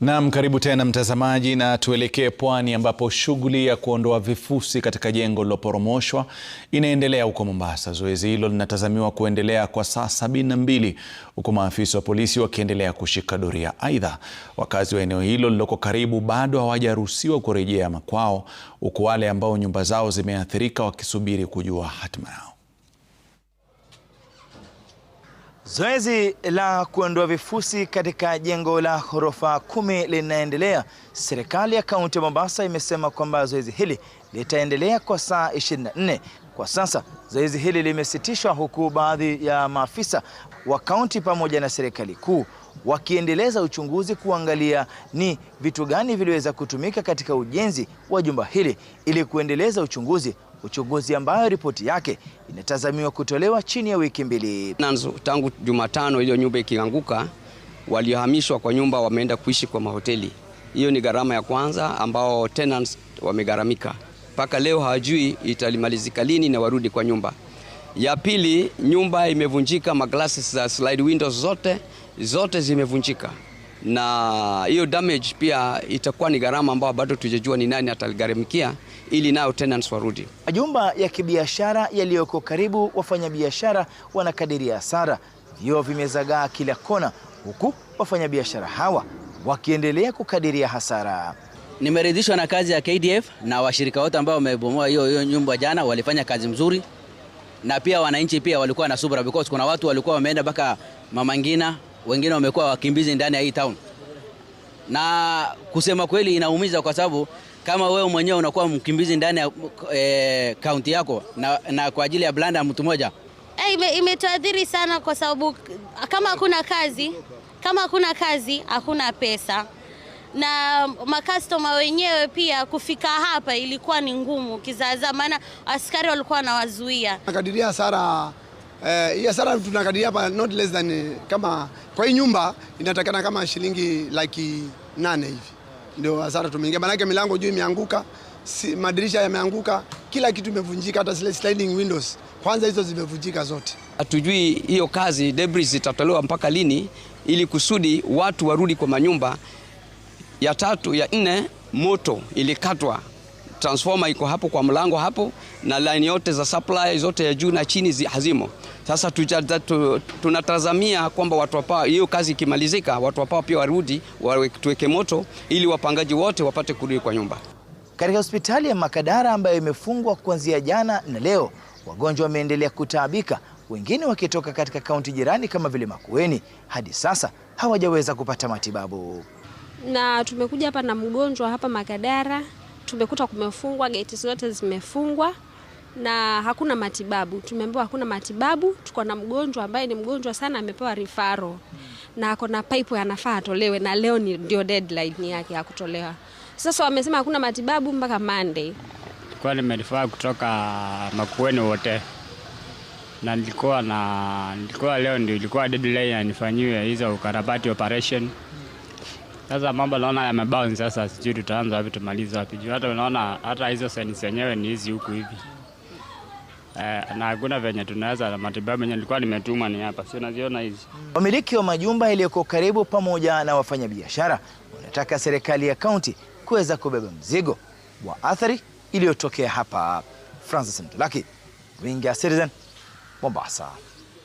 Naam, karibu tena mtazamaji, na tuelekee pwani ambapo shughuli ya kuondoa vifusi katika jengo lililoporomoshwa inaendelea huko Mombasa. Zoezi hilo linatazamiwa kuendelea kwa saa sabini na mbili huku maafisa wa polisi wakiendelea kushika doria. Aidha, wakazi wa eneo hilo lililoko karibu bado hawajaruhusiwa kurejea makwao, huku wale ambao nyumba zao zimeathirika wakisubiri kujua hatima yao. Zoezi la kuondoa vifusi katika jengo la ghorofa kumi linaendelea. Serikali ya kaunti ya Mombasa imesema kwamba zoezi hili litaendelea kwa saa 24. Kwa sasa zoezi hili limesitishwa huku baadhi ya maafisa wa kaunti pamoja na serikali kuu wakiendeleza uchunguzi kuangalia ni vitu gani viliweza kutumika katika ujenzi wa jumba hili ili kuendeleza uchunguzi uchunguzi ambayo ripoti yake inatazamiwa kutolewa chini ya wiki mbili. Tangu Jumatano hiyo nyumba ikianguka, waliohamishwa kwa nyumba wameenda kuishi kwa mahoteli. Hiyo ni gharama ya kwanza ambao tenants wamegharamika mpaka leo, hawajui italimalizika lini na warudi kwa nyumba. Ya pili, nyumba imevunjika, maglasses za slide windows zote zote zimevunjika, na hiyo damage pia itakuwa ni gharama ambayo bado tujajua ni nani ataligharamikia ili nao tenants warudi. Majumba ya kibiashara yaliyoko karibu wafanyabiashara wanakadiria hasara, vioo vimezagaa kila kona, huku wafanyabiashara hawa wakiendelea kukadiria hasara. Nimeridhishwa na kazi ya KDF na washirika wote ambao wamebomoa hiyo hiyo nyumba jana, walifanya kazi mzuri, na pia wananchi pia walikuwa na subra because kuna watu walikuwa wameenda mpaka Mama Ngina, wengine wamekuwa wakimbizi ndani ya hii town, na kusema kweli inaumiza kwa sababu kama wewe mwenyewe unakuwa mkimbizi ndani ya e, kaunti yako na, na kwa ajili ya blanda mtu mmoja hey, eh, imetuadhiri sana kwa sababu kama hakuna kazi, kama hakuna kazi hakuna pesa na makastoma wenyewe pia kufika hapa ilikuwa ni ngumu kizaza maana askari walikuwa wanawazuia. Nakadiria hasara eh, hii, hasara tunakadiria hapa not less than, kama kwa hii nyumba inatakana kama shilingi laki nane hivi ndio hasara tumeingia, maanake milango juu imeanguka, si, madirisha yameanguka, kila kitu imevunjika, hata zile sliding windows kwanza hizo zimevunjika zote. Hatujui hiyo kazi debris itatolewa mpaka lini, ili kusudi watu warudi kwa manyumba. Ya tatu ya nne, moto ilikatwa transformer iko hapo kwa mlango hapo, na line yote za supply zote ya juu na chini hazimo. Sasa tunatazamia kwamba watu hapa, hiyo kazi ikimalizika, watu hapa pia warudi tuweke moto, ili wapangaji wote wapate kurudi kwa nyumba. Katika hospitali ya Makadara ambayo imefungwa kuanzia jana na leo, wagonjwa wameendelea kutaabika, wengine wakitoka katika kaunti jirani kama vile Makueni, hadi sasa hawajaweza kupata matibabu. Na tumekuja hapa na mgonjwa hapa Makadara, tumekuta kumefungwa, geti zote zimefungwa na hakuna matibabu. Tumeambiwa hakuna matibabu. Tuko na mgonjwa ambaye ni mgonjwa sana, amepewa rifaro na ako na pipe, anafaa atolewe, na leo ndio deadline yake ya kutolewa. Sasa wamesema hakuna matibabu mpaka Monday. Nilikuwa nimerifaa kutoka Makueni wote na nilikuwa na nilikuwa leo ndio ilikuwa deadline anifanyiwe hizo ukarabati operation. Sasa mambo naona yamebounce sasa, sijui tutaanza wapi tumaliza wapi juu hata unaona hata hizo sensi zenyewe ni hizi huku hivi eh, na hakuna venye tunaweza na matibabu yenye nilikuwa nimetumwa ni hapa, si unaziona hizi. Wamiliki wa majumba yaliyoko karibu pamoja na wafanyabiashara wanataka serikali ya kaunti kuweza kubeba mzigo wa athari iliyotokea hapa. Francis wingi Winga Citizen, Mombasa.